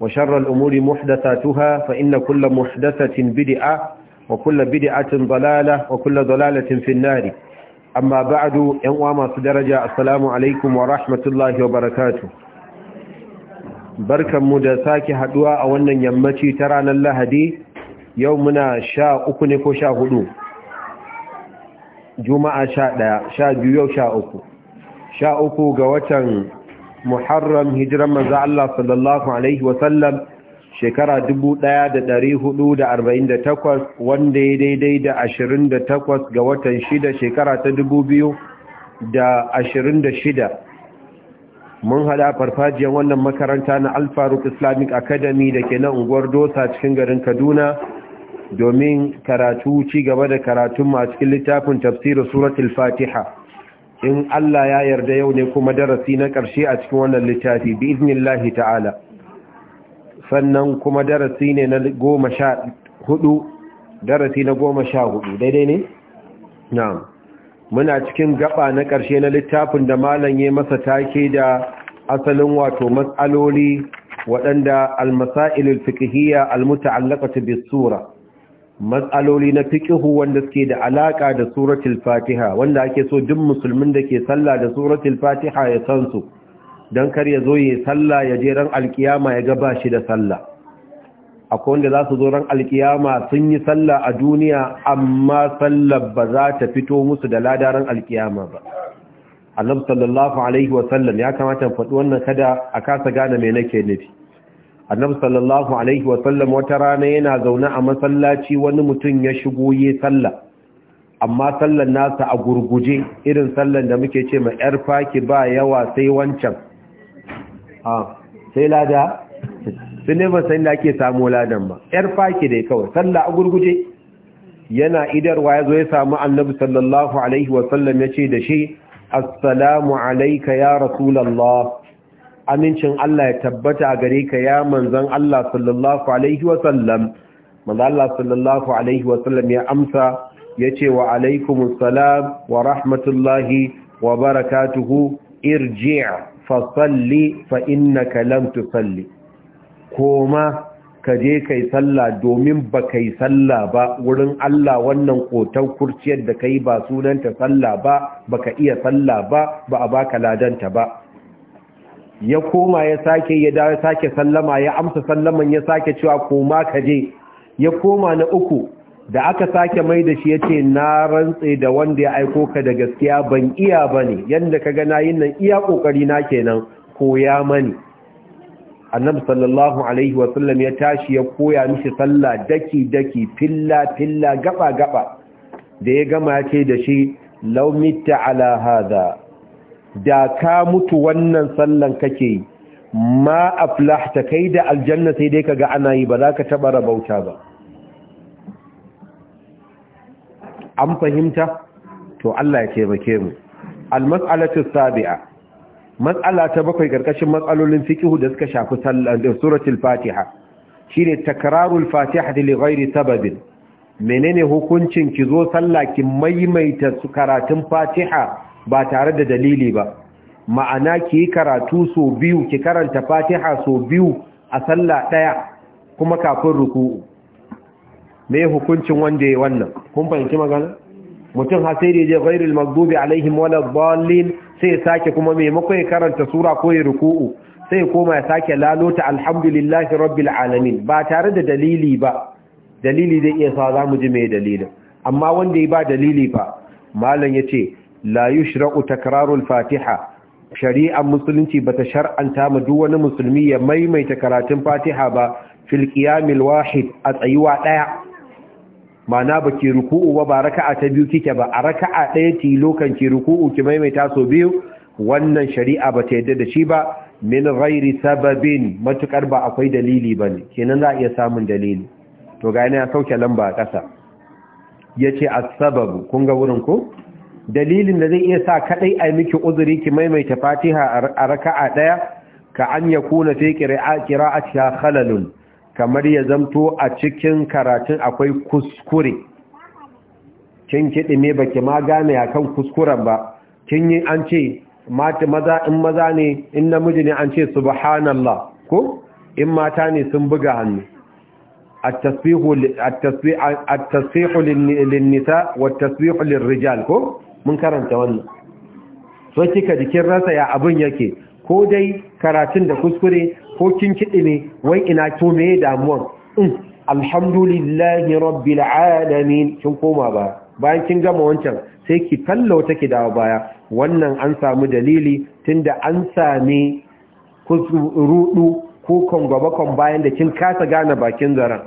وشر الأمور محدثاتها فإن كل محدثة بدعة وكل بدعة ضلالة وكل ضلالة في النار أما بعد ينوام درجة السلام عليكم ورحمة الله وبركاته بركة مدساك حدوى أولا يمتي ترانا الله دي يومنا شاء أكنك شاء هدو juma'a sha ɗaya sha biyu yau sha uku sha uku ga watan muharram hijiran manzo Allah sallallahu alaihi wasallam shekara 1448 wanda ya daidai da 28 ga watan 6 shekara ta 2026 mun hada farfajiyar wannan makaranta na Al-Faruq Islamic Academy da ke nan unguwar Dosa cikin garin Kaduna domin karatu ci gaba da karatun a cikin littafin tafsirin suratul Fatiha in Allah ya yarda yau ne kuma darasi na ƙarshe a cikin wannan littafi bi iznillahi ta'ala sannan kuma darasi ne na goma sha hudu darasi na goma sha hudu daidai ne? na'am muna cikin gaba na ƙarshe na littafin da malam ya masa take da asalin wato matsaloli waɗanda almasailul fiqhiyya almuta'allaqatu bis sura matsaloli na fiƙihu wanda suke da alaƙa da suratul fatiha wanda ake so duk musulmin da ke sallah da suratul fatiha ya san su don kar ya zo ya sallah ya je ran alkiyama ya gaba shi da sallah akwai wanda za su zo ran alkiyama sun yi sallah a duniya amma sallar ba za ta fito musu da ladaran alkiyama ba annabi sallallahu alaihi wa sallam, ya kamata faɗi wannan kada a kasa gane me nake nufi annabi sallallahu alaihi wasallam wata rana yana zaune a masallaci wani mutum ya shigo yi sallah amma sallan nasa a gurguje irin sallan da muke ce ma yar faki ba yawa sai wancan a sai lada su ne ba sai da ake samu ladan ba yar faki dai kawai sallah a gurguje yana idarwa ya zo ya samu annabi sallallahu alaihi wasallam ya ce da shi assalamu alaika ya rasulallah amincin Allah ya tabbata a gare ka ya manzan Allah sallallahu alaihi wasallam manzan Allah sallallahu alaihi wasallam ya amsa ya ce wa alaikumus salam wa rahmatullahi wa barakatuhu irji' fa salli fa innaka lam tusalli koma ka je kai sallah domin ba kai sallah ba wurin Allah wannan kotar kurciyar da kai ba sunanta sallah ba baka iya sallah ba ba a baka ladanta ba ya koma ya sake ya dawo sake sallama ya amsa sallaman ya sake cewa koma ka je ya koma na uku da aka sake mai da shi yace na rantse da wanda ya aiko ka da gaskiya ban iya bane yanda kaga nayin nan iya kokari na kenan koya mani annabi sallallahu alaihi wa sallam ya tashi ya koya mishi sallah daki daki filla filla gaba gaba da ya gama yace da shi law mitta ala hadha da ka mutu wannan sallan kake yi ma aflahta kai da aljanna sai dai kaga ana yi ba za ka taba rabauta ba an fahimta to Allah ya taimake mu almas'alatu sabi'a mas'ala ta bakwai karkashin matsalolin fiqh da suka shafi da suratul fatiha shine takrarul fatiha li ghairi sababin menene hukuncin ki zo sallah ki maimaita karatun fatiha ba tare da dalili ba ma'ana ki yi karatu so biyu ki karanta fatiha so biyu a sallah ɗaya kuma kafin ruku'u me hukuncin wanda ya wannan kun fahimci magana mutum hasiri je ghairil maghdubi alaihim waladdallin sai sake kuma mako ya karanta sura ko ya ruku'u sai koma ya sake lalota alhamdulillahi rabbil alamin ba tare da dalili ba dalili zai iya sa zamu ji me dalilin amma wanda ya ba dalili fa malam yace la yushra'u takrarul fatiha shari'ar musulunci bata shar'anta ma duk wani musulmi ya maimaita karatun fatiha ba filkiyamil wahid a tsayuwa ɗaya. mana ba ki ruku'u ba ba raka'a ta biyu kike ba a raka'a ɗaya tilo kan ki ruku'u ki maimaita so biyu wannan shari'a bata yadda da shi ba min ghairi sababin matukar ba akwai dalili bane kenan za a iya samun dalili to ga yana sauke lamba a ƙasa yace as-sababu kun ga wurin ko dalilin da zai iya sa kadai yi miki uzuri ki maimaita fatiha a raka'a daya ka an kuna fi qira'atiha khalalun kamar ya zamto a cikin karatun akwai kuskure kin kidi me baki ma gane akan kuskuren ba kin yi an ce mata maza in maza ne in namiji ne an ce subhanallah ko in mata ne sun buga hannu A التسبيح التسبيح للنساء والتسبيح للرجال mun karanta wannan so kika jikin rasa ya abin yake ko dai karatun da kuskure ko kin kiɗi ne wai ina to me damuwan mm, alhamdulillahi rabbil alamin kin koma ba bayan kin gama wancan sai ki ta ki dawo baya wannan an samu dalili tunda an sami rudu ko kongwabakon bayan da kin kasa gane bakin zaren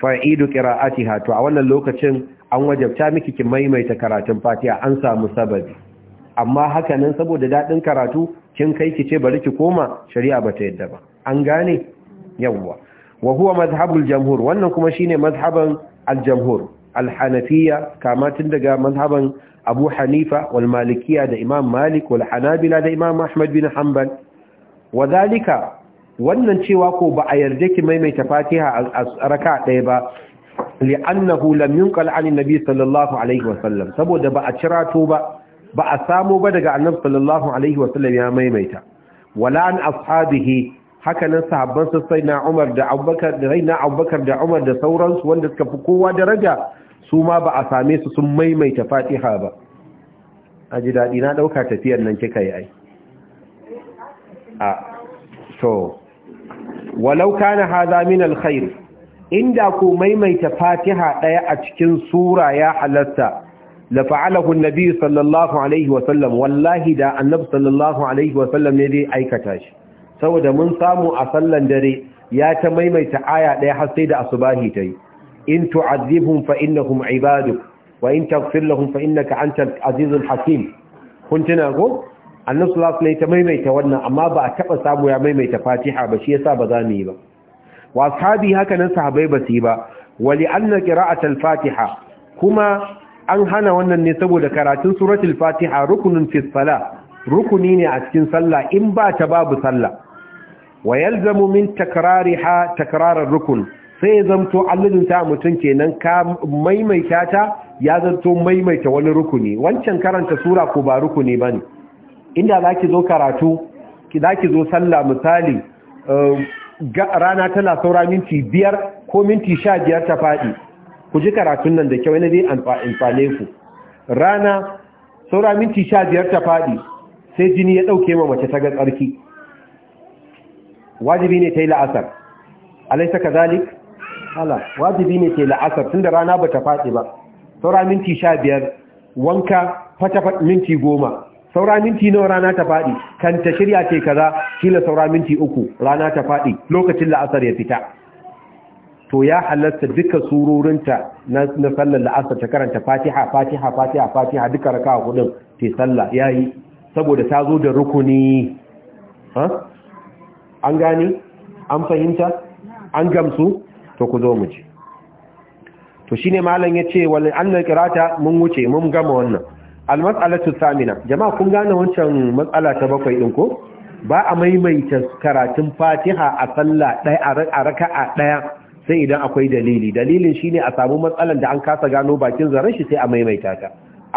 fa'idu qira'atiha to a wannan lokacin an wajabta miki ki maimaita karatun fatiha an samu sababi amma hakanan saboda daɗin karatu kin kai ki ce bari ki koma shari'a bata ta yadda ba an gane yawwa wa huwa madhhabul jamhur wannan kuma shine madhhaban al-jamhur al-hanafiyya kama tun daga madhhaban Abu Hanifa wal Malikiyya da Imam Malik wal Hanabila da Imam Ahmad bin Hanbal wadhalika wannan cewa ko ba a yarda ki maimaita Fatiha a raka ɗaya ba li'annahu lam yunqal an annabi sallallahu alaihi sallam. saboda ba a cirato ba ba a samo ba daga annabi sallallahu alaihi sallam ya maimaita wala an ashabihi haka nan sahabban su Umar da Abubakar da Raina Abubakar da Umar da sauransu wanda suka fi kowa daraja su ma ba a same su sun maimaita Fatiha ba aji daɗi na ɗauka tafiyar nan kika yi ai a to walau kana hada min alkhair inda ku maimaita fatiha ɗaya a cikin sura ya halatta da fa'alahu annabi sallallahu alaihi wa wallahi da annabi sallallahu alaihi wa ne zai aikata shi saboda mun samu a sallan dare ya ta maimaita aya ɗaya har sai da asubahi yi, in tu'adhibhum fa innahum ibaduk wa in taghfir lahum fa innaka antal azizul hakim kun tuna ko annabi sallallahu alaihi wa ta maimaita wannan amma ba a taba samu ya maimaita fatiha ba shi yasa ba za mu yi ba wa ashabi haka nan sahabbai ba su yi ba wali anna qira'at fatiha kuma an hana wannan ne saboda karatun suratul fatiha rukunun fi rukuni ne a cikin sallah in ba ta babu sallah wa yalzamu min takrariha takrarar rukun sai zamto ta mutum kenan ka maimaita ta ya zanto maimaita wani rukuni wancan karanta sura ko ba rukuni bane inda zaki zo karatu ki zaki zo sallah misali um, rana tana saura minti biyar ko minti sha biyar ta faɗi ku ji karatun nan da kyau yana zai amfane ku rana saura minti sha biyar ta faɗi sai jini ya ɗauke ma mace ta ga tsarki wajibi ne ta yi la'asar alaisa ka zalik hala wajibi ne ta yi la'asar tun da rana ba ta faɗi ba saura minti sha biyar wanka fata minti goma saura minti nawa rana ta faɗi kan ta shirya ce kaza kila saura minti uku rana ta faɗi lokacin la'asar ya fita to ya halatta duka surorinta na sallar la'asar ta karanta fatiha fatiha fatiha fatiha duka raka hudun ta sallah yi saboda ta zo da rukuni an gane an fahimta an gamsu to ku zo mu ci to shine malam yace wallahi annal qirata mun wuce mun gama wannan almas'alatu samina jama'a kun gane wancan matsala ta bakwai din ko ba a maimaita karatun Fatiha a sallah ɗaya a raka'a ɗaya sai idan akwai dalili dalilin shine a samu matsalan da an kasa gano bakin zaren shi sai a maimaita ta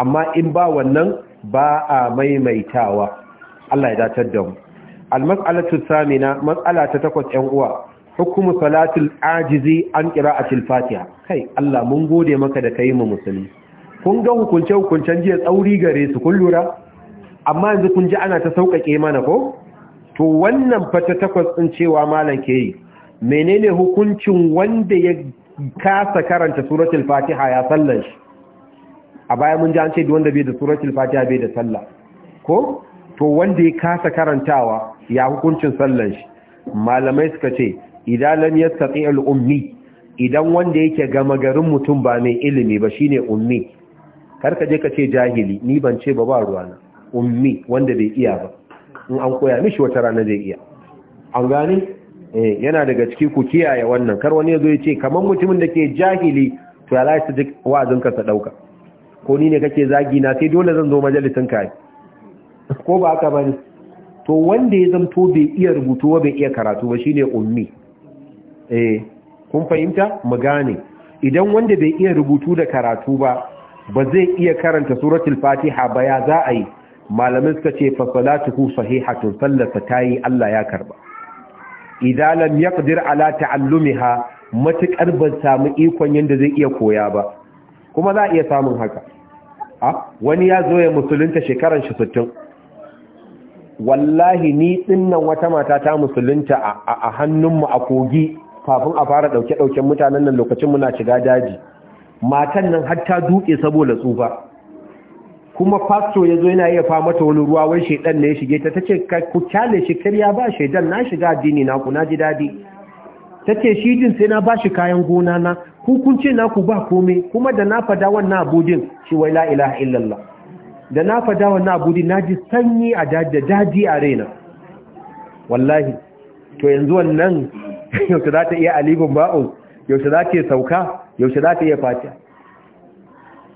amma in ba wannan ba a maimaitawa Allah ya datar da mu almas'alatu samina matsala ta takwas ɗan uwa hukumu salatul ajizi an qira'atil Fatiha kai Allah mun gode maka da kai mu musulmi kun ga hukunce-hukuncen jiya tsauri gare su kun lura amma yanzu kun ji ana ta sauƙaƙe mana ko to wannan fata takwas ɗin cewa malam ke yi menene hukuncin wanda ya kasa karanta suratul fatiha ya sallan shi a baya mun ji an ce wanda bai da suratul fatiha bai da sallah ko to wanda ya kasa karantawa ya hukuncin sallan shi malamai suka ce idan lam yastati al ummi idan wanda yake gama garin mutum ba mai ilimi ba shine ummi kar ka je ka ce jahili ni ban ce ba ba ruwana ummi wanda bai iya ba in an koya mishi wata rana zai iya an gane eh yana daga ciki ku kiyaye wannan kar wani yazo ya ce kaman mutumin da ke jahili to ya lafi duk wa'azin ka sa dauka ko ni ne kake zagi na sai dole zan zo majalisin ka ko ba haka bane to wanda ya zanto bai iya rubutu ba bai iya karatu ba shine ummi eh kun fahimta mu gane idan wanda bai iya rubutu da karatu ba ba zai iya karanta suratul fatiha ba ya za a yi malamin suka ce fa salatuhu sahihatun sallata tayi Allah ya karba idan lam yaqdir ala ta'allumiha matukar ban samu ikon yanda zai iya koya ba kuma za a iya samun haka a wani ya zo ya musulunta shekaran shi 60 wallahi ni dinnan wata mata ta musulunta a hannunmu a kogi kafin a fara dauke dauken mutanen nan lokacin muna shiga daji matan nan har ta duke saboda tsufa kuma pastor ya zo yana iya fa mata wani ruwa wai shaidan ne ya shige ta tace ku kyale shi karya ba shaidan na shiga addini na ku na ji dadi tace shi din sai na bashi kayan gona na ku kun ce na ku ba komai kuma da na fada wannan abudin shi wai la ilaha illallah da na fada wannan abudin naji sanyi a daji dadi a raina wallahi to yanzu wannan yau ta za ta iya alibin ba'un yau ta za ta sauka yaushe za ta iya fatiha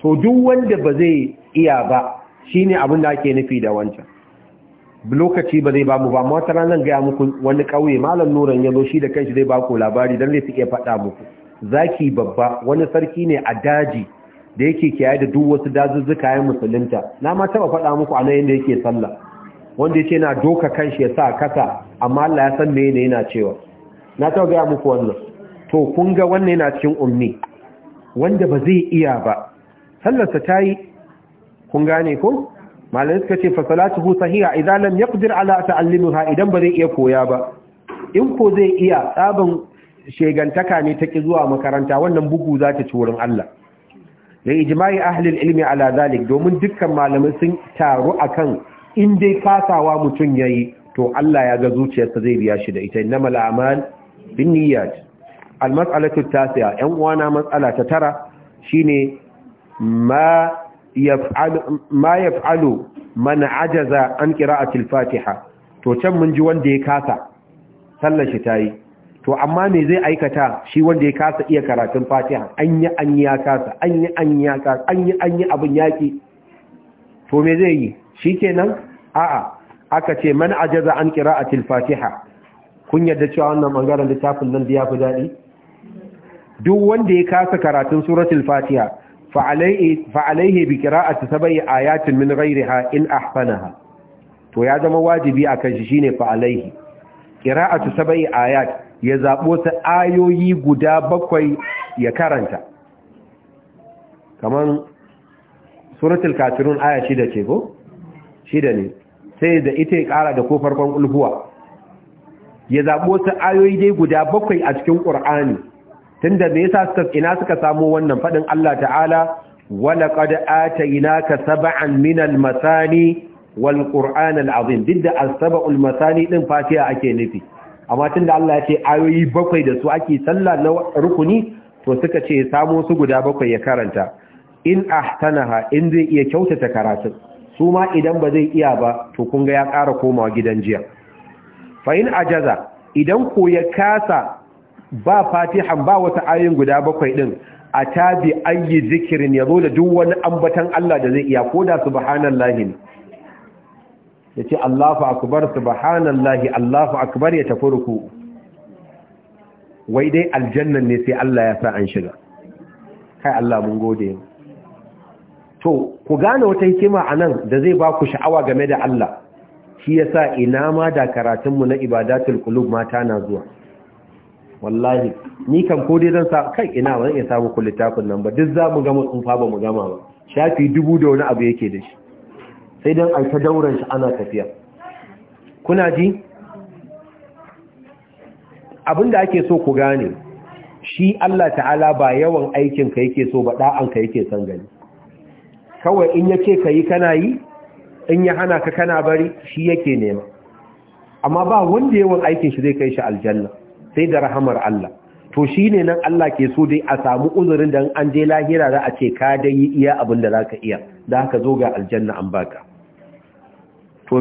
to duk wanda ba zai iya ba shine abin da ake nufi da wancan lokaci ba zai ba mu ba mawata ranar gaya muku wani kauye, malam nuran ya zo shi da kanshi zai ku labari don zai suke faɗa muku zaki babba wani sarki ne a daji da yake kiyaye da duk wasu dazuzzuka ya musulunta na ma taɓa faɗa muku a nan yadda yake sallah wanda ya ce na doka kanshi ya sa kasa amma Allah ya san me yana cewa na taɓa gaya muku wannan to kun ga wannan yana cikin ummi wanda ba zai iya ba sallarsa ta yi kun gane ko malai suka ce fa salatuhu sahiha idan lam yaqdir ala ta'allimuha idan ba zai iya koya ba in ko zai iya tsaban shegantaka ne ta ki zuwa makaranta wannan bugu za ta ci wurin Allah da ijma'i ahli ilmi ala zalik domin dukkan malamai sun taru akan in dai fasawa mutun yayi to Allah ya ga zuciyarsa zai biya shi da ita innamal a'mal binniyat almas'alatu tasi'a yan uwana matsala ta tara shine ma yaf'alu ma yaf'alu man ajaza an qira'ati al-fatiha to can mun ji wanda ya kasa sallar shi tayi to amma me zai aikata shi wanda ya kasa iya karatun fatiha an yi an ya kasa an yi an ya kasa an yi an yi abin yaki to me zai yi shikenan a'a aka ce man ajaza an qira'ati al-fatiha kun yadda cewa wannan bangaren littafin nan da ya fi daɗi duk wanda ya kasa karatun suratul fatiha fa alaihi bi qira'ati sab'i ayatin min ghayriha in ahsanaha to ya zama wajibi akan shi shine fa alaihi qira'atu sab'i ayat ya zabo ta ayoyi guda bakwai ya karanta kaman suratul kafirun aya shida ce ko shida ne sai da ita ya kara da kofar farkon ulhuwa ya zabo ta ayoyi dai guda bakwai a cikin qur'ani tunda me yasa suka ina suka samu wannan fadin Allah ta'ala walaqad atainaka sab'an al masani wal qur'anal azim didda as-sab'ul masani din fatiha ake nufi amma da Allah ya ce ayoyi bakwai da su ake sallah na rukuni to suka ce samu su guda bakwai ya karanta in ahtanaha in zai iya kyautata karatun su ma idan ba zai iya ba to kun ga ya ƙara komawa gidan jiya fa in ajaza idan ko ya kasa ba fatihan ba wata ayoyin guda bakwai din a tabi ayi zikirin ya zo da duk wani ambatan Allah da zai iya koda subhanallahi yace ya ce Allahu akbar subhanallahi Allahu akbar ya tafurku wai dai aljannan ne sai Allah ya sa an shiga kai Allah mun gode to ku gane wata hikima anan da zai ba ku sha'awa game da Allah shi yasa ina ma da karatunmu na ibadatul qulub mata na zuwa wallahi ni kan ko dai zan sa kai ina ba zan iya samu ku littafin nan ba duk za mu gama fa ba mu gama ba shafi dubu da wani abu yake da shi sai dan ai ta dauran shi ana tafiya kuna ji da ake so ku gane shi Allah ta'ala ba yawan aikin ka yake so ba da'an ka yake san gani kawai in yace kai kana yi in ya hana ka kana bari shi yake nema amma ba wanda yawan aikin shi zai kai shi aljanna sai da rahamar Allah to shi ne nan Allah ke so dai a samu uzurin da an je lahira za a ce ka dai yi iya abin da za ka iya da haka zo ga aljanna an baka to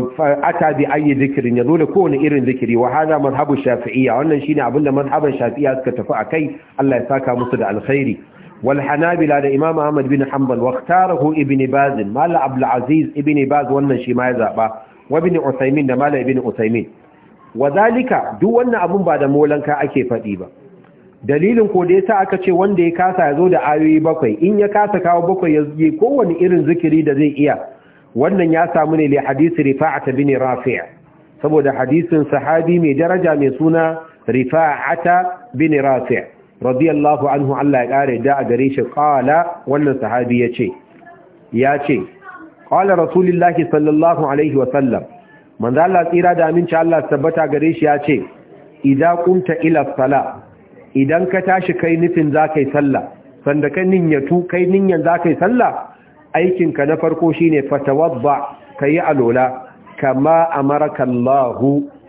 ata bi ayi zikirin ya zo da kowane irin zikiri wa hada mazhabu shafi'iyya wannan shine abin da mazhaban shafi'iyya suka tafi akai Allah ya saka musu da alkhairi wal hanabila da imam ahmad bin hanbal wa ikhtarahu ibn baz mal abdul aziz ibn baz wannan shi ma ya zaba wa ibn usaymin da mal ibn usaymin wa zalika duk wannan abun ba da molanka ake faɗi ba dalilin ko da yasa aka ce wanda ya kasa ya zo da ayoyi bakwai in ya kasa kawo bakwai ya yi kowane irin zikiri da zai iya wannan ya samu ne li hadisi rifa'ata bin rafi' saboda hadisin sahabi mai daraja mai suna rifa'ata bin rafi' radiyallahu anhu Allah ya kare da a gare shi qala wannan sahabi yace yace qala rasulullahi sallallahu alaihi wa sallam manzo Allah tsira da aminci Allah tabbata gare shi ya ce idza qumta ila sala idan ka tashi kai nufin zakai sallah sanda ka niyyatu kai niyyan zakai sallah aikin ka na farko shine fatawabba kai alola kama amaraka Allah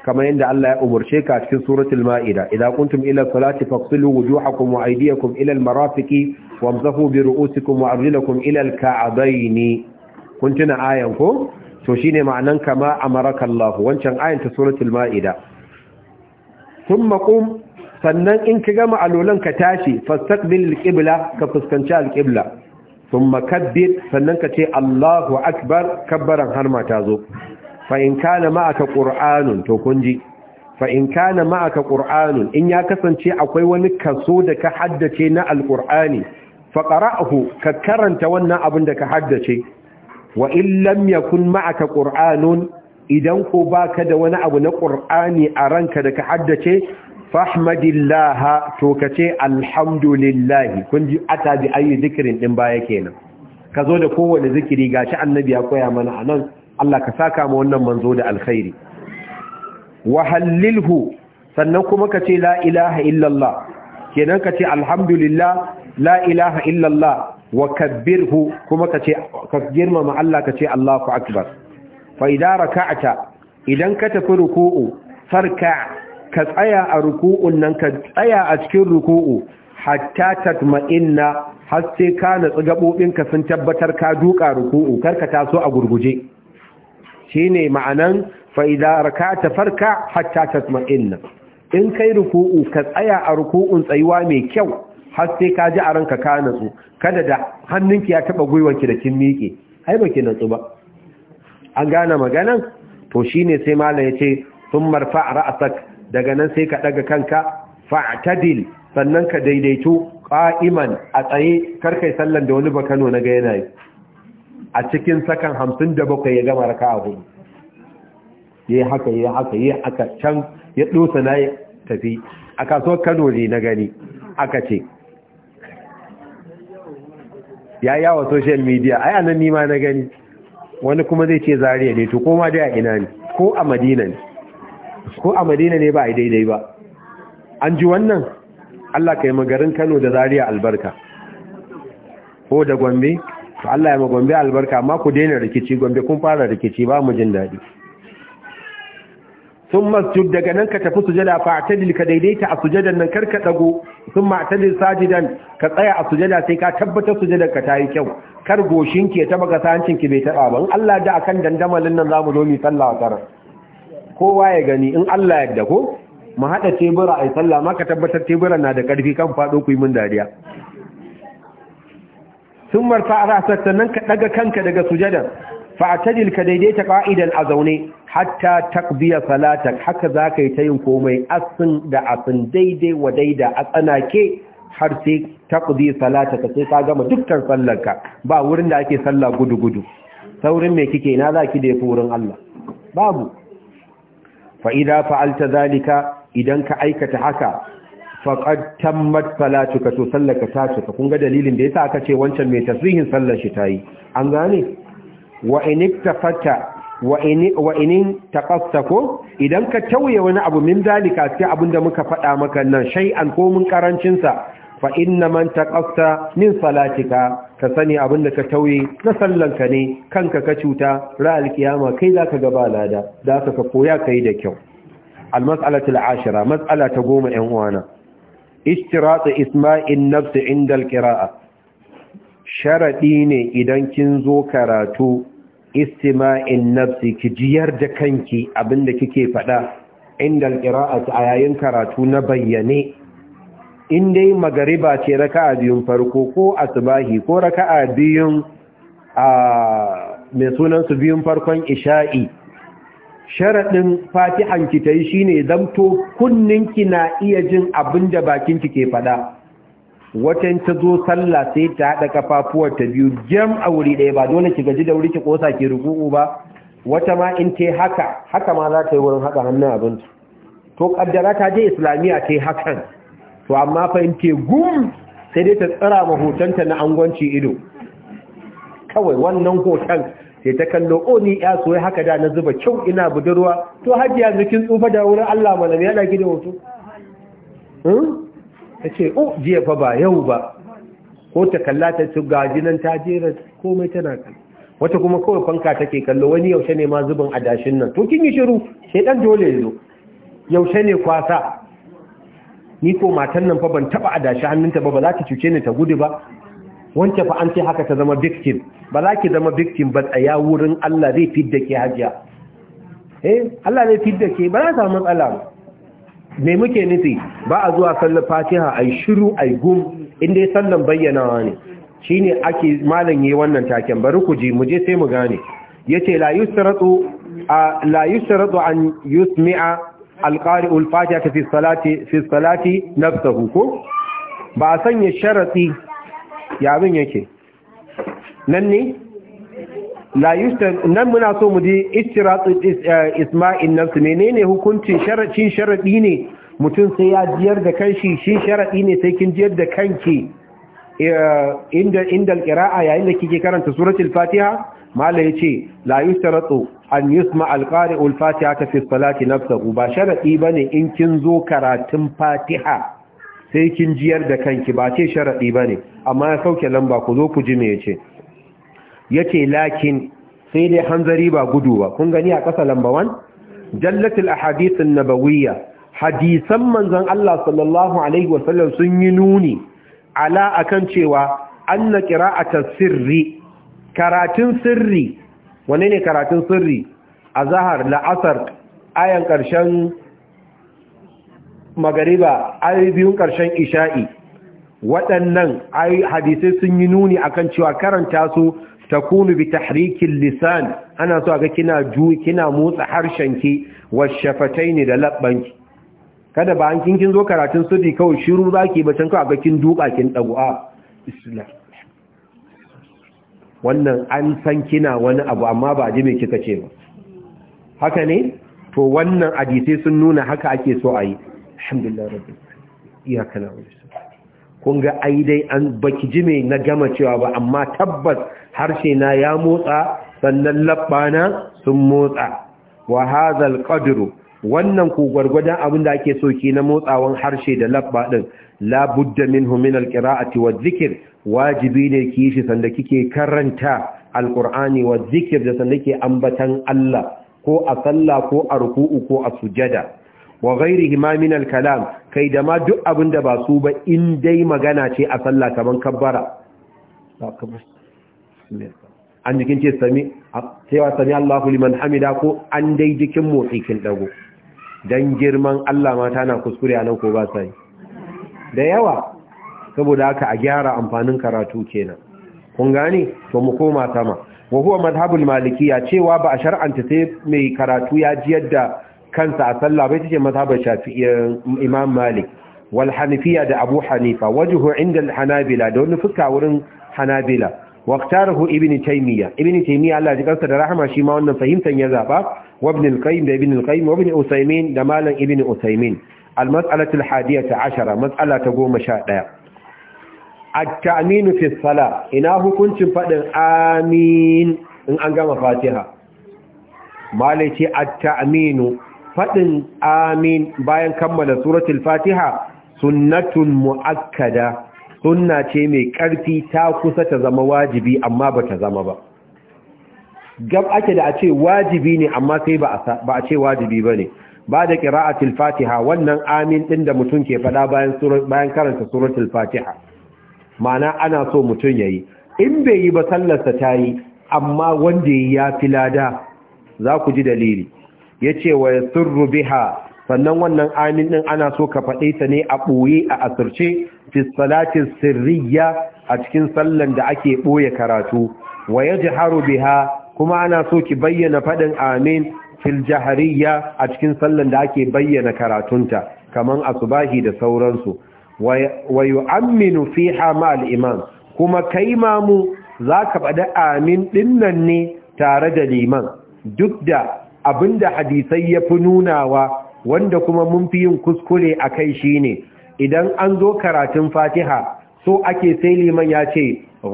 kama yanda Allah ya umurce ka cikin suratul maida idza qumtum ila salati faqsilu wujuhakum wa aydiyakum ila almarafiqi wamsahu bi ru'usikum wa arjulakum ila alka'bayn kuntuna ayan ko to ne ma'anan kama a Allah wancan ayan ta suratul maida thumma sannan in ka gama alolan ka tashi fastaqbil alƙibla ka fuskanci alqibla thumma kabbir sannan ka ce Allahu akbar kabbaran har ma ta zo fa in kana ma'aka to kunji fa in kana ma'aka ƙur'anun, in ya kasance akwai wani kaso da ka haddace na Alƙur'ani. fa ka karanta wannan abin da ka haddace wa in lam yakun ma'aka qur'anun idan ko baka da wani abu na qur'ani a ranka da ka haddace fahmadillah to kace alhamdulillah kun ji ata bi ayi zikirin din baya kenan ka zo da kowane zikiri gashi annabi ya koya mana anan Allah ka saka mu wannan manzo da alkhairi wa hallilhu sannan kuma kace la ilaha illallah kenan kace alhamdulillah la ilaha illallah wa kabbirhu kuma ka ka girmama Allah kace ce Allahu akbar fa idza raka'ta idan ka tafi ruku'u farka ka tsaya a ruku'un nan ka tsaya a cikin ruku'u hatta tatma'inna har sai ka natsu gabobinka sun tabbatar ka duka ruku'u karka taso a gurguje shine ma'anan fa idza raka'ta farka hatta tatma'inna in kai ruku'u ka tsaya a ruku'un tsayuwa mai kyau har sai ka ji a ranka ka natsu kada da hannunki ya taba gwiwanki da kin miƙe ai ki natsu ba an gane maganan to shine sai malam ya ce sun marfa ra'sak daga nan sai ka daga kanka fa'tadil sannan ka daidaito qa'iman a tsaye karkai sallan da wani bakano na ga yana yi a cikin sakan 57 ya gama raka'a hudu yayi haka yayi haka yayi haka can ya dosa na tafi a kasuwar Kano ne na gani aka ce ya yawa social media ai anan ni ma na gani wani kuma zai ce zariya ne to ko ma dai a ina ne ko a madina ne ko a madina ne ba a daidai ba an ji wannan Allah ka yi magarin Kano da zariya albarka ko da Gombe to Allah ya ma Gombe albarka amma ku daina rikici Gombe kun fara rikici ba mu jin daɗi sun masu daga nan ka tafi sujada fa tadil ka daidaita a sujadan nan karka dago sun ma tadil sajidan ka tsaya a sujada sai ka tabbatar sujadan ka ta yi kyau kar goshin ki ta baka sancin ki bai taba ba in Allah da akan dandamalin nan zamu zo mu sallah a kowa ya gani in Allah ya yarda ko mu hada tebura ai sallah ma ka tabbatar tebura na da karfi kan fado ku yi mun dariya sun marfa a rasar sannan ka daga kanka daga sujadan fa'tadil ka daidaita qa'idan a zaune hatta takbiya salatan haka zaka yi ta yin komai asin da asin daidai wa daida a tsanake har sai salata ka sai ka gama dukkan sallarka ba wurin da ake sallah gudu gudu saurin me kike na zaki da yafi wurin Allah babu fa fa'alta zalika idan ka aikata haka faqad tammat salatuka to sallaka ta ce, kun ga dalilin da yasa aka ce wancan mai tasirin sallar shi tayi an gane wa iniktafata wa ƙasta ko idan ka tauye wani abu min dalika sai abinda muka faɗa maka nan shay'an ko mun karancin sa fa inna man taqasta min salatika ka sani abinda ka tauye na sallanka ne kanka ka cuta ra alkiyama kai zaka gaba lada da ka koya kai da kyau almas'alatu ashira matsala ta goma 'yan uwana ishtirat isma'in nafs inda alqira'a sharadi ne idan kin zo karatu istima'in nafsi ki jiyar da kanki abinda kike faɗa inda alƙira'atu a yayin karatu na bayyane in dai magariba ce raka'a biyun farko ko asbahi ko raka'a biyun a mai sunan su biyun farkon isha'i sharaɗin fatihan ki tayi shine zamto kunninki na iya jin abinda bakinki ke faɗa watan ta zo sallah sai ta haɗa kafafuwar ta biyu jam a wuri ɗaya ba dole ki gaji da wuri ki kosa ki ruku'u ba wata ma in ta haka haka ma za ta yi wurin haka hannun abin ta. to kaddara ta je islamiyya ta yi hakan to amma fa in ta gum sai dai ta tsira ma hotonta na angwanci ido kawai wannan hoton sai ta kallo o oh, ni ya soyi haka da na zuba kyau ina budurwa to hajiya zikin tsufa da wurin Allah malami ya ɗaki da hoto hmm? ta ce o oh, jiya fa ba yau ba ko ta kalla ta ci gaji nan ta jera komai tana kan wata kuma kawai fanka take kallo wani yaushe ne ma zubin adashin nan to kin yi shiru sai dan dole ya zo yaushe ne kwasa ni ko matan nan fa ban taba adashi hannunta ba ba za ta cuce ni ta gudu ba wance fa an ce haka ta zama victim ba za ki zama victim ba tsaya wurin Allah zai fidda ke hajiya eh Allah zai fidda ke ba za ta matsala ba me muke nufi ba a zuwa sallar fatiha ai shiru ai gum inda sallan bayyanawa ne Shi ne ake malam yi wannan taken bari ku ji muje sai mu gane yace la yusratu an yusmi'a mi'a, alfatiha fi ta fi salati nafsuhu ko ba sanya sharati ya yake nan ne la nan muna so mu je istiratu eh, nan su menene hukuncin sharacin sharadi ne mutum sai ya jiyar da kanshi shi sharadi ne sai kin jiyar da kanki eh, inda inda alqira'a yayin da kike karanta suratul fatiha mala yace la yustaratu an yusma alqari'u alfatiha ka fi salati nafsuhu ba sharadi bane in kin zo karatun fatiha sai kin jiyar da kanki ba ce sharadi bane amma ya sauke lamba ku zo ku ji me yace yace lakin sai dai hanzari ba gudu ba kun gani a ƙasa lamba 1 jallatul ahadith nabawiyya hadisan manzon Allah sallallahu alaihi wasallam sun yi nuni ala akan cewa anna qira'atas sirri karatun sirri wane ne karatun sirri azhar la'asar ayan ƙarshen magariba ayoyi biyun ƙarshen isha'i waɗannan hadisai sun yi nuni akan cewa karanta su takunu bi tahrikin lisan ana so ga kina juyi kina motsa harshenki washafataini da labbanki kada ba an kin zo karatun sudi kawai shiru zaki ba can kawai ga kin duka kin dagu a bismillah wannan an san kina wani abu amma ba ji me kika ce ba haka ne to wannan hadisi sun nuna haka ake so a yi alhamdulillah rabbil iyaka na'budu kun ga ai dai an baki ji na gama cewa ba amma tabbas harshe na ya motsa sannan labbana sun motsa wa hazal qadru wannan ku gwargwadon abin da ake soki na motsawan harshe da labba din la budda minhu min alqira'ati wa dhikr wajibi ne ki shi sanda kike karanta alqur'ani wa dhikr da sanda kike ambatan Allah ko a sallah ko a ruku'u ko a sujada wa ghairihi ma min alkalam kai da ma duk abin da ba su ba in dai magana ce a sallah kaman kabbara an jikin ce sami cewa sami Allahu liman hamida ko an dai jikin motsi kin dago dan girman Allah mata na kuskure a nan ko ba sai da yawa saboda haka a gyara amfanin karatu kenan kun gane to mu koma sama wa huwa madhhabul malikiyya cewa ba a shar'anta sai mai karatu ya ji yadda kansa a sallah bai tace madhhabar shafi'i imam malik wal hanifiyya da abu hanifa wajhu inda al hanabila da wani fuska wurin hanabila waqtarahu ibn taymiya ibn taymiya Allah ji kansa da rahama shi ma wannan fahimtan ya zaba wa ibn al-qayyim da ibn da malam Ibin usaymin al-mas'alatu al-hadiyata 10 mas'ala ta goma sha ɗaya. fi as-salah ina hukuncin faɗin amin in an gama fatiha malai ce at-ta'minu fadin amin bayan kammala suratul fatiha sunnatun muakkada sunna ce mai ƙarfi ta kusa ta zama wajibi amma ba ta zama ba gab ake da a ce wajibi ne amma sai ba a ce wajibi ba ne ba da ƙira'atul fatiha wannan amin ɗin da mutum ke faɗa bayan karanta suratul fatiha ma'ana ana so mutum ya yi in bai yi ba sallarsa ta yi amma wanda ya fi lada za ku ji dalili ya ce wa ya ha? sannan wannan amin ɗin ana so ka faɗe ta ne a ɓoye a asirce fi salatin sirriya a cikin sallan da ake ɓoye karatu wa yajharu biha kuma ana so ki bayyana faɗin amin fil jahariya a cikin sallan da ake bayyana karatunta kaman asubahi da sauransu wa Aminu fiha ma'al imam kuma kai mamu zaka faɗi amin dinnan ne tare da liman duk da abinda hadisai ya fi nunawa wanda kuma mun fi yin kuskure a kai shi idan an zo karatun fatiha so ake sai liman ya ce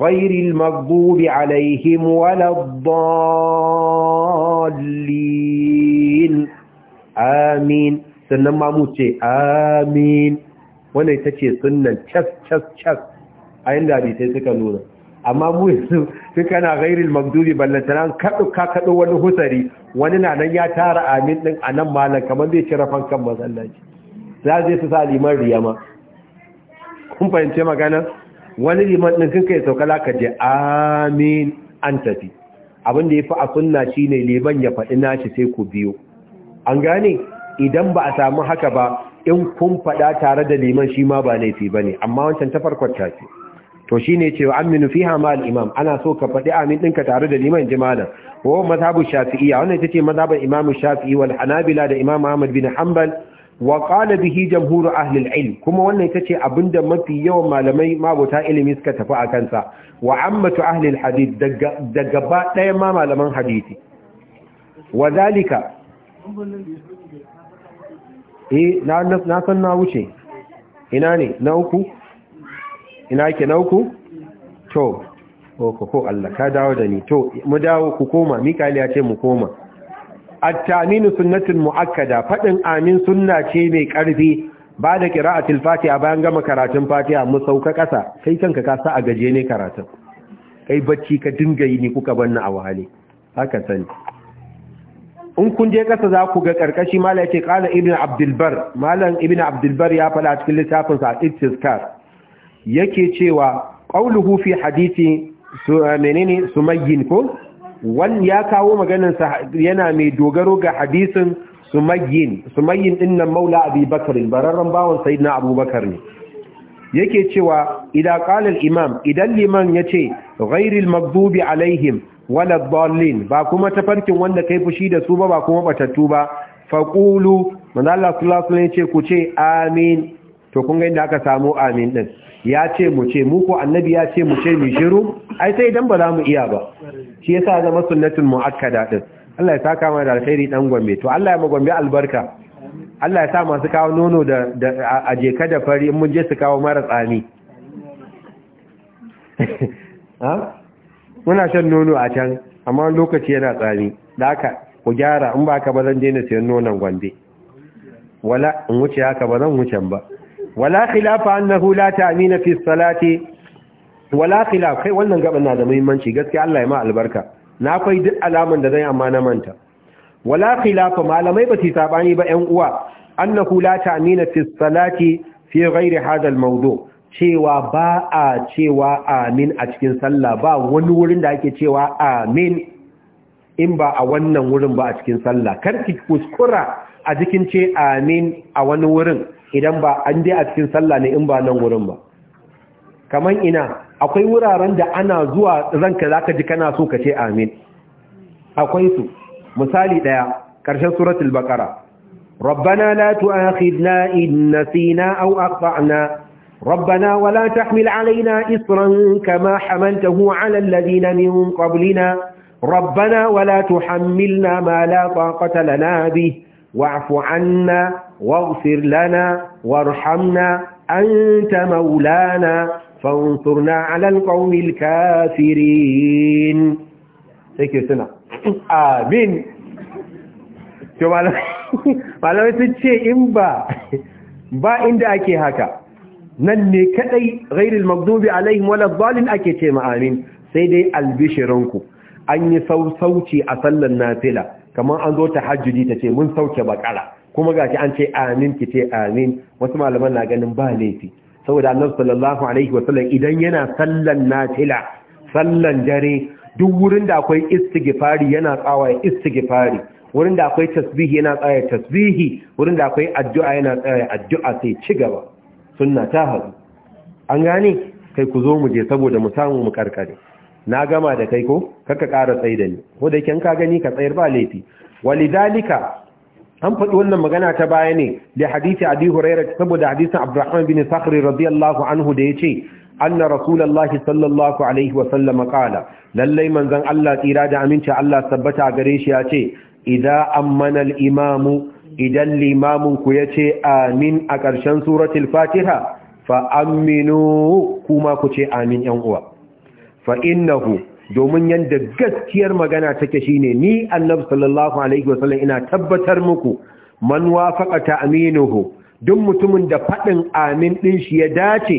al maghdubi alaihim waladdallin amin sannan mamu ce amin wanda ita ce sunnan cas cas cas a yin da sai suka nuna amma mu yanzu suka na al maghdubi ballantana kaɗo ka kaɗo wani husari wani na nan ya tara amin ɗin a nan malam kamar zai ci rafan kan masallaci za zai fi sa liman riya ma kun fahimce magana wani liman ɗin kinka ya saukala ka je amin an tafi abin da ya fi a sunna shi ne liman ya faɗi nashi sai ku biyo an gane idan ba a samu haka ba in kun faɗa tare da liman shi ma ba laifi ba ne amma wancan ta farkon ta ce to shi ne cewa aminu fiha ma imam ana so ka faɗi amin ɗinka tare da liman jimalan ko mazhabu shafi'iyya wannan ita ce mazhabin imamu shafi'i wal hanabila da imam ahmad bin hanbal wa qala bihi jamhur ahli al-ilm kuma wannan ita ce abinda mafi yawan malamai mabuta ilimi suka tafi a kansa wa ammatu ahli al-hadith daga ba ma malaman hadisi wa dalika. eh na na san na wuce ina ne na uku ina ke na uku to ko ko Allah ka dawo da ni to mu dawo ku koma mikali ya ce mu koma at-taminu sunnatul muakkada faɗin amin sunna ce mai karfi ba da qira'atul a bayan gama karatun fatiha mu sauka kasa kai kanka ka sa a gaje ne karatun kai bacci ka dinga yi ni kuka banna a wahale haka sani in kun je ƙasa za ku ga karkashi mala yace qala ibnu abdul bar malam ibnu Abdulbar bar ya fada cikin littafin sa al-istizkar yake cewa qawluhu fi hadisi menene sumayyin ko wan ya kawo maganar sa yana mai dogaro ga hadisin sumayyin sumayyin dinnan maula abi bakr bararran bawon sayyidina abubakar ne yake cewa idza qala imam idan liman yace ghairil maghdubi alaihim wala dhallin ba kuma ta farkin wanda kai fushi da su ba ba kuma batattu ba faqulu manzo sallallahu alaihi yace ku ce amin to kun ga inda aka samu amin din ya ce mu ce mu ko annabi ya ce mu ce mu shiru ai sai idan ba za mu iya ba shi yasa zama sunnatul muakkada din Allah ya saka mana da alkhairi dan gombe to Allah ya magombe albarka Allah ya sa masu kawo nono da a jeka da fari mun je su kawo mara tsani ha muna shan nono a can amma lokaci yana tsani da haka ku gyara in ba ka ba zan daina sayan nonon gombe wala in wuce haka ba zan wuce ba wala khilafa annahu la ta'mina fi wala khilaf kai wannan gaban na da muhimmanci gaskiya Allah ya ma albarka na kai duk alaman da zai amma na manta wala khilafa malamai ba su sabani ba 'yan uwa annahu la ta'mina fi salati fi ghairi hadha al cewa ba a cewa amin a cikin sallah ba wani wurin da ake cewa amin in ba a wannan wurin ba a cikin sallah kar ki kuskura a cikin ce amin a wani wurin idan ba an je a cikin sallah ne in ba nan wurin ba kaman ina akwai wuraren da ana zuwa ranka zaka ji kana so ka ce amin akwai su misali daya karshen suratul baqara rabbana la tu'akhidna in nasina aw akhtana rabbana wa tahmil alaina isran kama hamaltahu ala alladhina min qablina rabbana wa la tuhammilna ma la taqata lana bih wa'fu 'anna واغفر لنا وارحمنا أنت مولانا فانصرنا على القوم الكافرين هيك سنة آمين to malamai sun ce in ba ba inda ake haka nan ne kadai ghairil maghdubi alaihim wala dhalin ake ce ma amin sai dai albishirinku an yi sausauci a sallar nafila kamar an zo ta hajjudi ta ce mun sauke bakara kuma ga shi an ce amin ki ce amin wasu malaman na ganin ba laifi saboda annabi sallallahu alaihi wasallam idan yana sallan nafila sallan dare duk wurin da akwai istighfari yana tsawaye istighfari wurin da akwai tasbihi yana tsaya tasbihi wurin da akwai addu'a yana tsaya addu'a sai ci gaba sunna ta hazu an gane kai ku zo mu je saboda mu samu mu karkare na gama da kai ko kaka ƙara tsayi da ni ko da kyan ka gani ka tsayar ba laifi walidalika an faɗi wannan magana ta baya ne da hadisi abi huraira saboda hadisin abdurrahman bin sakhri radiyallahu anhu da yace anna rasulullahi sallallahu alaihi wa sallam qala lallai manzon Allah tsira da aminci Allah tabbata gare shi yace idza ammana al-imamu idan limamin ku yace amin a ƙarshen suratul fatiha fa aminu kuma ku ce amin yan uwa fa innahu domin yadda gaskiyar magana take shine ni annabi sallallahu alaihi wasallam ina tabbatar muku man wafaqa ta'minuhu duk mutumin da fadin amin din shi ya dace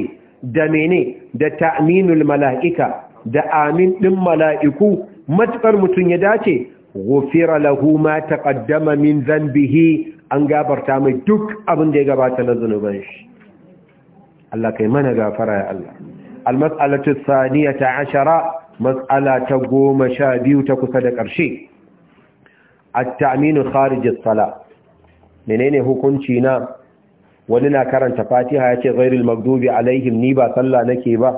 da mene da ta'minul mala'ika da amin din mala'iku matuƙar mutum ya dace ghufira lahu ma taqaddama min dhanbihi an gabarta mai duk abin da ya gabata na zunuban shi Allah kai mana gafara ya Allah al-mas'alatu as-saniyata 'ashara matsala ta goma sha biyu ta kusa da ƙarshe A ta'aminu kharijis sala menene hukunci na wani na karanta fatiha yace zairil maghdubi alaihim ni ba sallah nake ba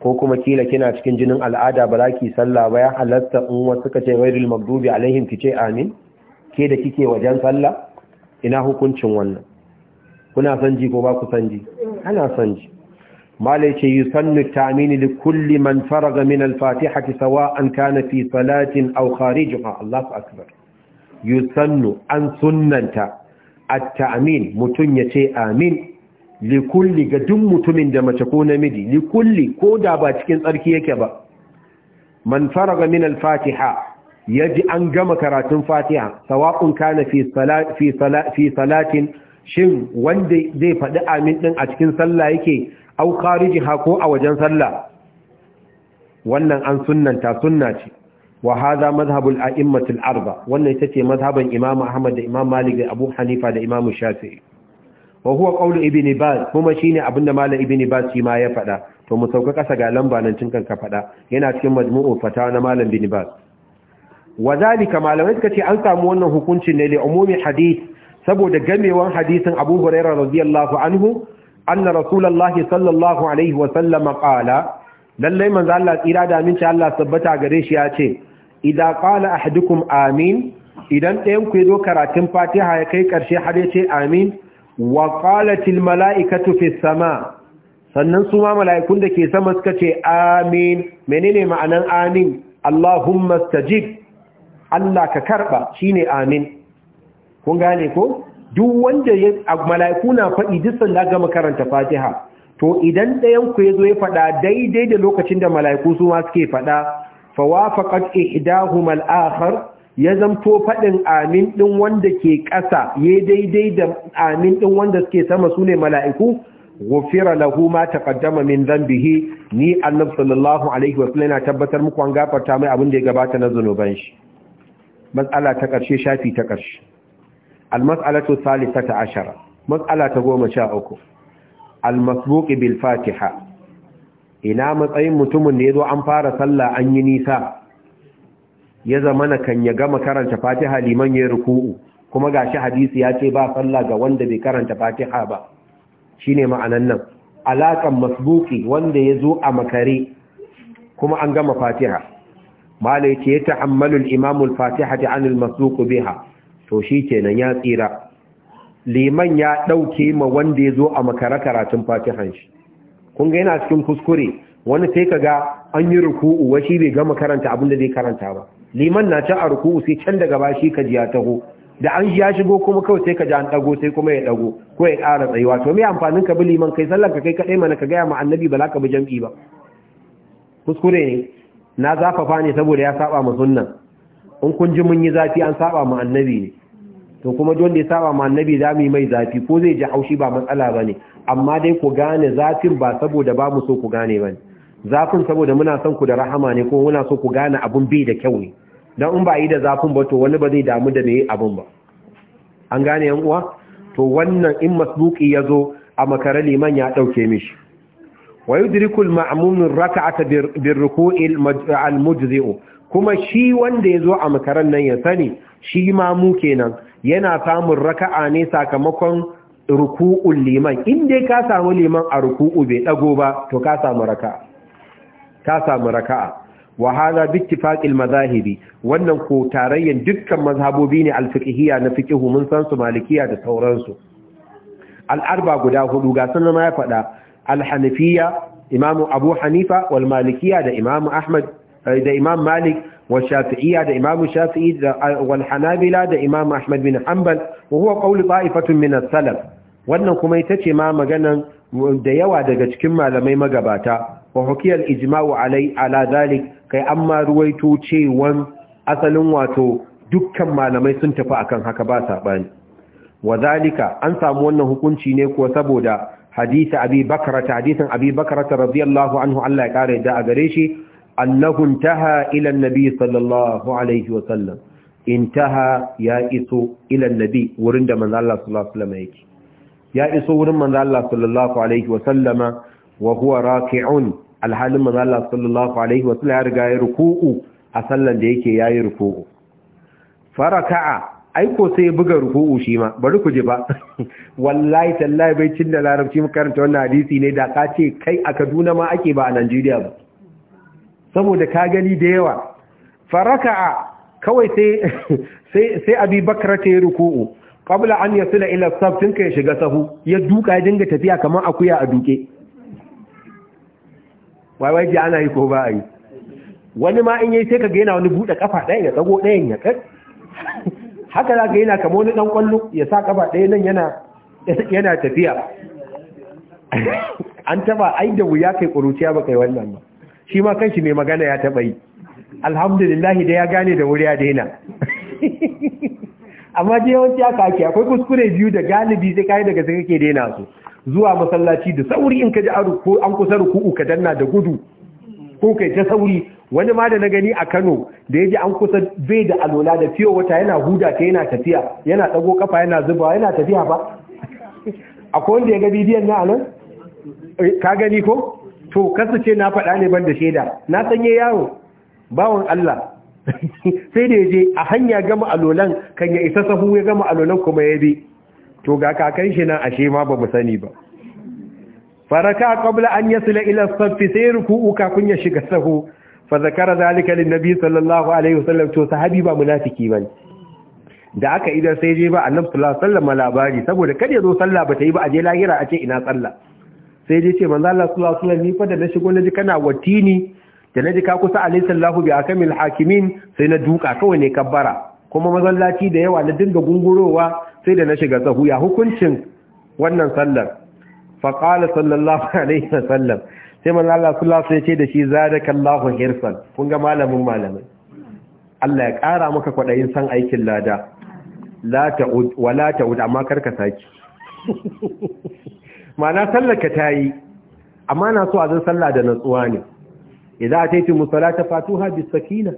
ko kuma kila kina cikin jinin al'ada ba zaki sallah ba ya halatta in wasu kace ghairil maghdubi alaihim kice amin ke da kike wajen sallah ina hukuncin wannan kuna san ji ko ba ku san ji ana san ji malai ce yi sannu tamini da kulli man faraga min alfatiha ki an kana fisalatin salatin au kharijuha Allahu yi sannu an sunnanta at-ta'min mutun yace amin likulli ga duk mutumin da mace ko namiji likulli ko da ba cikin tsarki yake ba man faraga min al-fatiha yaji an gama karatun fatiha sawa'un kana fi shin wanda zai faɗi amin ɗin a cikin sallah yake au kariji hako a wajen sallah wannan an sunanta sunna ce wa hadha mazhabul a'immatul arba wannan ita ce madhhaban Imam Ahmad da Imam Malik da Abu Hanifa da Imam Shafi'i wa huwa qawlu Ibn Baz kuma shine abinda Malam Ibn Baz shi ma ya faɗa to mu sauka kasa ga lamba nan cin kanka faɗa yana cikin majmu'u fata na Malam Ibn Baz wa zalika malamai suka ce an samu wannan hukuncin ne li umumi hadith saboda gamewan hadisin Abu Hurairah radiyallahu anhu anna rasulullahi sallallahu alaihi wa sallam qala lalle manzo Allah tsira da aminci Allah sabbata gare shi ya ce Idan qala ahadukum amin idan ɗayan ku yazo karatun Fatiha ya kai karshe har ya ce amin wa qalatil malaikatu fis sama sannan su ma mala'ikun da ke sama suka ce amin menene ma'anan amin Allahumma stajib Allah ka karba shine amin kun gane ko duk wanda ya mala'iku na faɗi duk sanda gama karanta fatiha to idan ɗayan ku ya zo ya faɗa daidai da lokacin da mala'iku su ma suke faɗa fawafaqat ihdahum al-akhar ya zamto faɗin amin ɗin wanda ke ƙasa ya daidai da amin ɗin wanda suke sama su ne mala'iku gufira lahu ma taqaddama min dhanbihi ni annabi sallallahu alaihi wa sallam yana tabbatar muku an gafarta mai abin da ya gabata na zanuban shi matsala ta ƙarshe shafi ta ƙarshe almas'alatu salisata ashara mas'ala ta goma sha uku almasbuqi bil fatiha ina matsayin mutumin da yazo an fara sallah an yi nisa ya zamana kan ya gama karanta fatiha liman ya ruku'u kuma gashi hadisi ya ce ba sallah ga wanda bai karanta fatiha ba shine ma'anan nan alakan masbuqi wanda yazo a makare kuma an gama fatiha malai ce ya ta'ammalu imamul fatihati 'an al biha to shi kenan ya tsira liman ya ɗauke ma wanda ya zo a makara karatun fatihan shi kun ga yana cikin kuskure wani sai ka ga an yi ruku'u wa shi bai gama karanta abin da zai karanta ba liman na can a ruku'u sai can daga ba shi ka ji ya taho da an ya shigo kuma kawai sai ka ji an dago sai kuma ya dago ko ya ƙara tsayuwa to me amfanin ka bi liman kai sallan ka kai kaɗai mana ka gaya ma annabi ba za ka bi jam'i ba kuskure ne na zafafa ne saboda ya saba ma sunnan in kun ji mun yi zafi an saba ma annabi ne to kuma jon da ya saba ma annabi za mu yi mai zafi ko zai ji haushi ba matsala ba ne amma dai ku gane zafin ba saboda ba mu so ku gane ba zafin saboda muna son ku da rahama ne ko muna so ku gane abun bai da kyau ne don in ba yi da zafin ba to wani ba zai damu da mai abun ba an gane yan uwa to wannan in masbuki ya zo a makare liman ya ɗauke mishi wa yudrikul ma'mumun raka'ata birruku'il al-mujzi'u kuma shi wanda ya zo a makaran nan ya sani shi ma mu kenan yana samun raka'a ne sakamakon ruku'un liman in dai ka samu liman a ruku'u bai dago ba to ka samu raka'a ka samu raka'a mazahibi wannan ko tarayyan dukkan mazhabobi ne alfiqhiyya na fiqhu mun san su malikiya da sauransu al-arba guda hudu ga sunan ma ya faɗa al-hanafiyya imamu abu hanifa wal Malikiya, da imamu ahmad eh, da imam malik والشافعية ده إمام الشافعي والحنابلة ده إمام أحمد بن حنبل وهو قول طائفة من السلف wannan kuma ita ce ma magana da yawa daga cikin malamai magabata wa hukiyar ijma'u alai kai amma ruwaito cewan asalin wato dukkan malamai sun tafi akan haka ba sabani wa zalika an samu wannan hukunci ne kuwa saboda hadisi abi bakrata hadisin abi bakrata anhu Allah ya kare da a gare shi annahu intaha ila annabi sallallahu alaihi wa sallam intaha ya iso ila annabi wurin da manzo Allah sallallahu alaihi yake ya iso wurin manzo Allah sallallahu alaihi wa sallama alhalin manzo Allah sallallahu alaihi riga ya ruku'u a sallan da yake yayi ruku'u faraka'a aiko sai ya buga ruku'u shi ma bari ku ji ba wallahi tallahi bai cin da larabci mu karanta hadisi ne da ka ce kai a Kaduna ma ake ba a Najeriya ba saboda ka gani da yawa faraka'a kawai sai sai abi bakra ta yi ruku'u qabla an yasila ila saf tun kai shiga sahu ya duka ya dinga tafiya kamar akuya a duke wai wai ji ana yi ko ba a yi wani ma in yayi sai kaga yana wani buɗe kafa ɗaya ya tsago ɗayan ya kai haka zaka yana kamar wani dan kwallo ya sa kafa ɗaya nan yana tafiya an taba ai da wuya kai kuruciya ba kai wannan ba shi ma kanshi mai magana ya taɓa yi Alhamdulillah, da ya gane da wuri ya daina amma je yawanci aka ake akwai kuskure biyu da galibi sai kayi daga sai kake daina su zuwa masallaci da sauri in ka ji an kusa ruku'u ka danna da gudu ko kai ta sauri wani ma da na gani a Kano da yaji an kusa bai da alola da fiyo wata yana huda ta yana tafiya yana dago kafa yana zuba yana tafiya ba akwai wanda ya ga bidiyon na anan eh, ka gani ko to kasu ce na faɗa ne ban da shaida na sanye yawo bawon Allah sai da ya je a hanya gama alolan kan ya isa sahu ya gama alolan kuma ya bi to ga kakan shi na ashe ma ba mu sani ba faraka qabla an yasila ila safi sai ruku'u kafin ya shiga sahu fa zakara zalika lin nabi sallallahu alaihi wasallam to sahabi ba munafiki bane da aka idan sai je ba annabi sallallahu alaihi wasallam labari saboda kada ya zo sallah ba ta yi ba a je lahira a ce ina sallah sai dai ce manzo Allah sallallahu alaihi wasallam ni fa da na shigo na ji kana watini da na ji ka kusa alayhi sallahu bi akamil hakimin sai na duka kawai ne kabbara kuma mazallaci da yawa na dinga gungurowa sai da na shiga sahu ya hukuncin wannan sallar fa qala sallallahu alaihi wasallam sai manzo Allah sallallahu alaihi wasallam ya ce da shi zadakallahu hirsan kun ga malamin malamai Allah ya ƙara maka kwaɗayin san aikin lada, la ta'ud, wa la ta'ud, amma karka saki. ma'ana sallaka ta yi amma na so a zan salla da natsuwa ne idza ataytum musallata fatuha bis sakina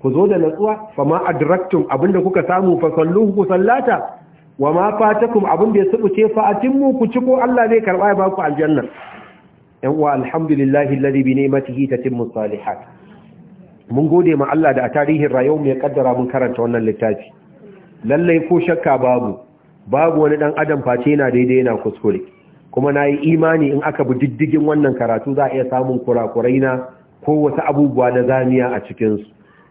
ku zo da natsuwa fa ma adraktum abinda kuka samu fa salluhu ku sallata wa ma fatakum abinda ya ce fa atimmu ku ci ko Allah zai karba ya baku aljanna yan uwa alhamdulillahi alladhi bi ni'matihi tatimmu salihat mun gode ma Allah da a tarihin rayuwar mu ya kaddara mun karanta wannan littafi lalle ko shakka babu babu wani dan adam face yana daidai yana kuskure kuma na yi imani in aka bi diddigin wannan karatu za a iya samun kurakurai na ko wasu abubuwa na zaniya a cikinsu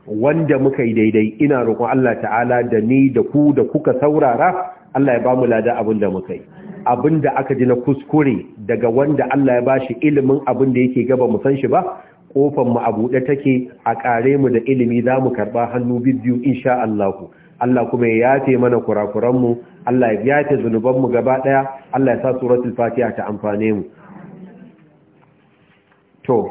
wanda muka yi daidai ina roƙon Allah ta'ala da ni da ku da kuka saurara Allah ya ba mu lada abin da muka yi abin da aka ji na kuskure daga wanda Allah ya ba shi ilimin abin da yake gaba mu san shi ba kofar mu a buɗe take a ƙare mu da ilimi za mu karɓa hannu biyu insha Allah Allah kuma ya yafe mana kurakuran mu Allah ya biya zunubanmu gaba ɗaya Allah ya sa suratul fatiha ta amfane mu to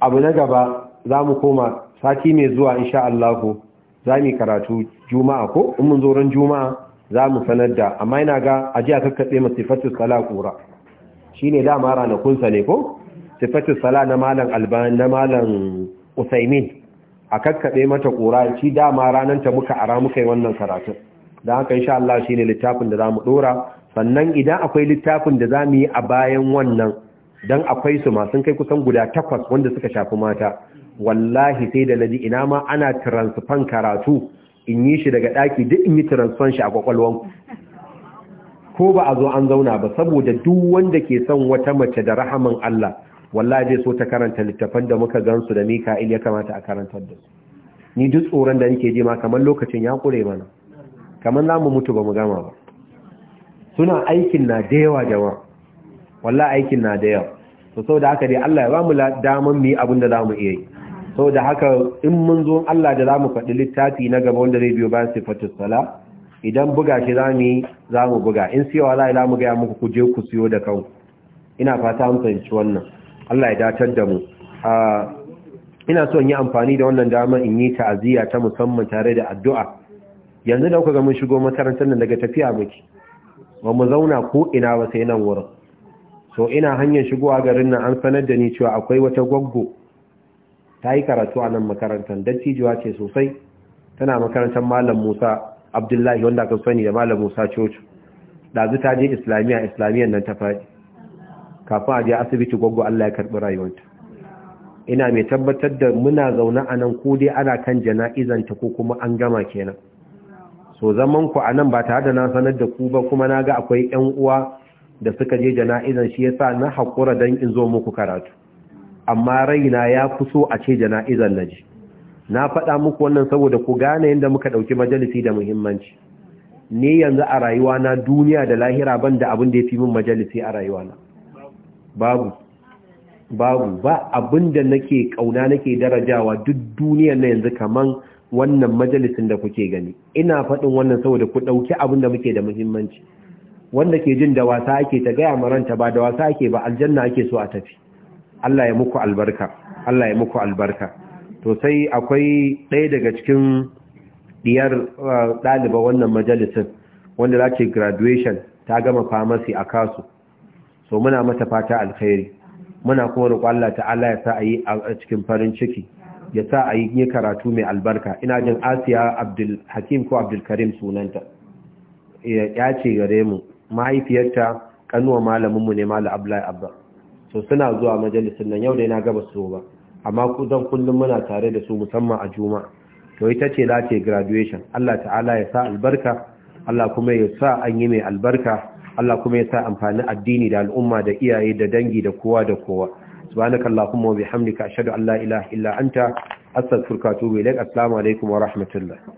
abu na gaba za mu koma sati mai zuwa insha Allah za mu karatu juma'a ko in mun zo ran juma'a za mu sanar da amma ina ga a kakkaɓe masu sifatus sala kura shi ne dama ranakunsa ne ko sifatus sala na malam alban na malam usaimin a kakkaɓe mata kura shi dama ta muka ara muka yi wannan karatun da haka insha Allah shine littafin da za mu ɗora, sannan idan akwai littafin da zamu yi a bayan wannan dan akwai su masu kai kusan guda takwas wanda suka shafi mata wallahi sai da naji ina ma ana transfer karatu in yi shi daga daki duk in yi transfer shi a kwakwalwan ko ba a zo an zauna ba saboda duk wanda ke son wata mace da rahaman Allah wallahi zai so ta karanta littafan da muka gansu da Mika'il ya kamata a karantar da su ni duk tsoron da nake ji ma kamar lokacin ya kure mana kamar za mu mutu ba mu gama ba suna aikin na da yawa jama wallah aikin na da yawa to sau da haka dai Allah ya ba mu daman mu yi abin da za mu iya yi So da haka in mun zo Allah da za mu faɗi littafi na gaba wanda zai biyo bayan sifatu sala idan buga shi za mu za mu buga in siyawa za za mu gaya muku ku je ku siyo da kanku ina fata an fahimci wannan Allah ya datar da mu ina so in yi amfani da wannan dama in yi ta'aziyya ta musamman tare da addu'a yanzu da kuka ga mun shigo makarantar nan daga tafiya muke ba mu zauna ko ina ba sai nan wurin so ina hanyar shigowa garin nan an sanar da ni cewa akwai wata gwaggo ta yi karatu a nan makarantar dattijuwa ce sosai tana makarantar malam musa abdullahi wanda aka sani da malam musa coci ɗazu ta je islamiyya islamiyyar nan ta faɗi kafin a je asibiti gwaggo allah ya karɓi rayuwarta. ina mai tabbatar da muna zaune a nan ko dai ana kan jana'izanta ko kuma an gama kenan to zaman ku anan ba tare da na sanar da ku ba kuma na ga akwai ƴan uwa da suka je jana'izan shi yasa na hakura dan in zo muku karatu amma raina ya kuso a ce jana'izan naji na faɗa muku wannan saboda ku gane yadda muka ɗauki majalisi da muhimmanci Ni yanzu a rayuwa na duniya da lahira ban da abin da ya fi min majalisi a rayuwa na babu babu ba abin da nake kauna nake darajawa duk duniyar na yanzu kaman wannan majalisin da kuke gani ina faɗin wannan saboda ku ɗauki abin da muke da muhimmanci wanda ke jin da wasa ake ta gaya maranta ba da wasa ake ba aljanna ake so a tafi Allah ya muku albarka Allah ya muku albarka to sai akwai ɗaya daga cikin diyar uh, ɗaliba wannan majalisin wanda za ce graduation ta gama famasi a kasu so muna mata fata alkhairi muna kuma roƙon Allah ta'ala ya sa a yi a cikin farin ciki ya sa a yi karatu mai albarka ina jin asiya abdul hakim ko abdul sunanta ya ce gare mu mahaifiyarta kanuwa malaminmu ne malam abdullahi abba so suna zuwa majalisun nan yau da yana gaba su ba amma kudan kullum muna tare da su musamman a Juma. to ita ce za ta graduation Allah ta'ala ya sa albarka Allah kuma ya sa an yi mai albarka Allah kuma ya sa amfani addini da al'umma da iyaye da dangi da kowa da kowa subhanaka allahumma wa bihamdika ashhadu an la ilaha illa anta astaghfiruka wa atubu ilaik assalamu alaikum wa rahmatullah